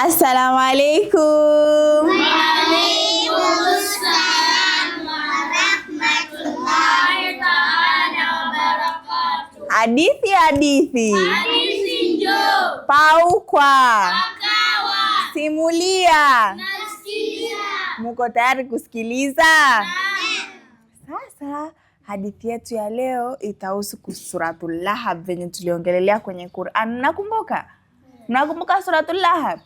Assalamu alaikum. Hadithi hadithi. Hadithi njoo. Paukwa. Pakawa. Simulia. Nasikia. Muko tayari kusikiliza? Sasa hadithi yetu ya leo itahusu Suratul Lahab venye tuliongelelea kwenye Qur'an. Nakumbuka? Mnakumbuka Suratul Lahab?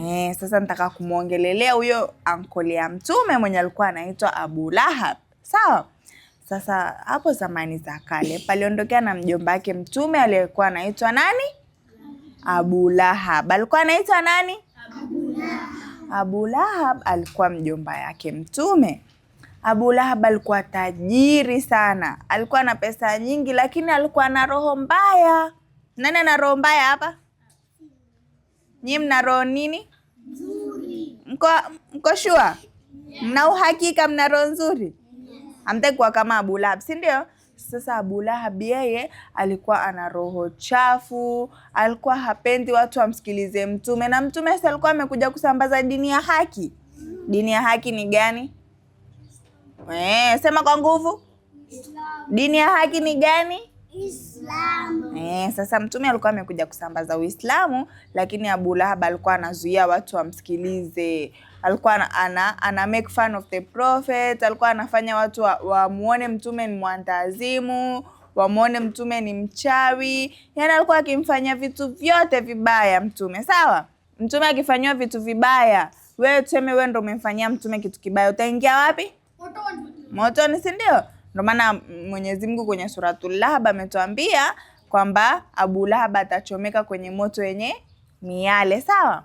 Eh, sasa nataka kumwongelelea huyo ankoli ya Mtume mwenye alikuwa anaitwa Abu Lahab, sawa? Sasa hapo zamani za kale paliondokea na mjomba wake Mtume aliyekuwa anaitwa nani? Abu Lahab. Alikuwa anaitwa nani? Abu Lahab. Abu Lahab alikuwa mjomba yake Mtume. Abu Lahab alikuwa tajiri sana, alikuwa na pesa nyingi, lakini alikuwa na roho mbaya. Nani ana roho mbaya hapa? nyi mna roho nini nzuri? Mko, mko shua yeah. Mna uhakika mna roho nzuri yeah. Hamtaki kuwa kama Abu Lahab, si ndio? Sasa Abu Lahab yeye alikuwa ana roho chafu, alikuwa hapendi watu wamsikilize Mtume, na Mtume sasa alikuwa amekuja kusambaza dini ya haki. Dini ya haki ni gani? Eh, sema kwa nguvu. Dini ya haki ni gani? Islam. Uislamu. Eh, sasa Mtume alikuwa amekuja kusambaza Uislamu, lakini Abu Lahab alikuwa anazuia watu wamsikilize, alikuwa ana, ana, ana make fun of the prophet, alikuwa anafanya watu wamuone wa Mtume ni mwandazimu wamwone Mtume ni mchawi, yaani alikuwa akimfanyia vitu vyote vibaya Mtume. Sawa, Mtume akifanyiwa vitu vibaya, wewe tuseme wewe ndio umemfanyia Mtume kitu kibaya, utaingia wapi? Motoni, si ndio? Ndio maana Mwenyezi Mungu kwenye Suratul Lahab ametuambia kwamba Abu Lahab atachomeka kwenye moto yenye miale, sawa?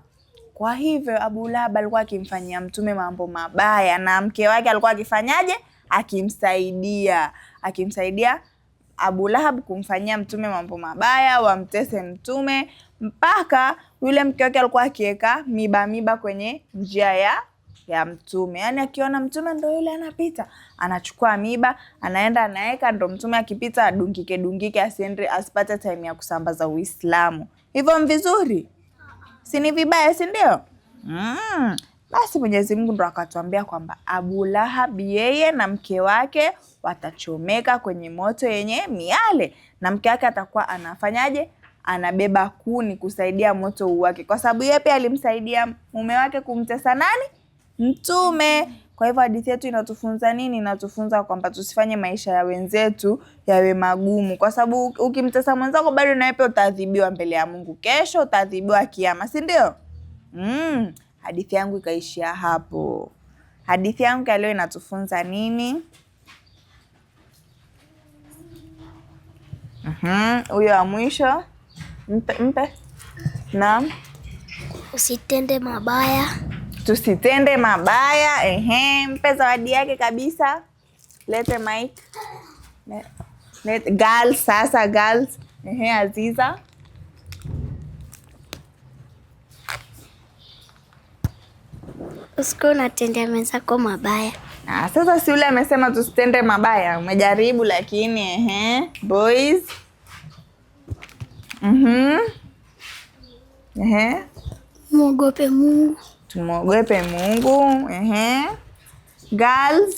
Kwa hivyo Abu Lahab alikuwa akimfanyia mtume mambo mabaya, na mke wake alikuwa akifanyaje? Akimsaidia, akimsaidia Abu Lahab kumfanyia mtume mambo mabaya, wamtese mtume, mpaka yule mke wake alikuwa akiweka miba miba kwenye njia ya ya mtume. Yaani akiona mtume ndio yule anapita, anachukua miba, anaenda anaweka, ndio mtume akipita adungike dungike, asiende asipate time ya kusambaza Uislamu. Hivyo vizuri, si ni vibaya, si ndio? Mm. Basi Mwenyezi Mungu ndo akatuambia kwamba Abu Lahab yeye na mke wake watachomeka kwenye moto yenye miale, na mke wake atakuwa anafanyaje? Anabeba kuni kusaidia moto uwake, kwa sababu yeye pia alimsaidia mume wake kumtesa nani? mtume. Kwa hivyo hadithi yetu inatufunza nini? Inatufunza kwamba tusifanye maisha ya wenzetu yawe magumu, kwa sababu ukimtesa mwenzako bado nawe pia utaadhibiwa mbele ya Mungu, kesho utaadhibiwa kiama, si ndio? Mm, hadithi yangu ikaishia hapo. Hadithi yangu ya leo inatufunza nini? Mm-hmm. Huyo wa mwisho mpe, mpe. Naam, usitende mabaya tusitende mabaya. Ehe, mpe zawadi yake kabisa. Lete mic. Lete girls, sasa girls. Ehe, Aziza usiku unatendea mwenzako mabaya. Ah, sasa si yule amesema tusitende mabaya. Umejaribu lakini ehe, boys. Mhm. Ehe. Muogope Mungu tumwogope Mungu. Ehe. Girls,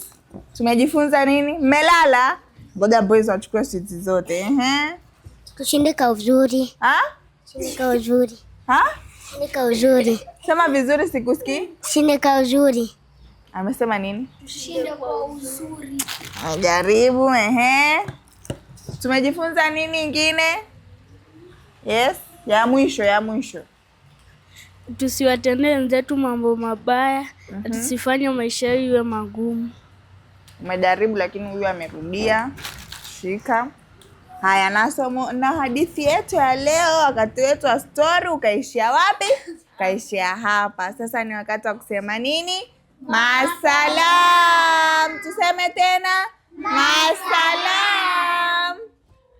tumejifunza nini? Melala, ngoja boys wachukue switi zote. Ehe. Kushindika uzuri. Ha? Kushindika uzuri. Ha? Kushindika uzuri. Sema vizuri sikusikii. Kushindika uzuri. Amesema nini? Kushindika kwa uzuri. Jaribu, ehe. Tumejifunza nini ingine? Yes, ya mwisho, ya mwisho tusiwatendee wenzetu mambo mabaya mm -hmm. Tusifanye maisha yao iwe magumu. Umejaribu lakini huyu amerudia. Shika haya, na somo na hadithi yetu ya leo, wakati wetu wa stori ukaishia wapi? Ukaishia hapa. Sasa ni wakati wa kusema nini? Masalam. Tuseme tena masalam.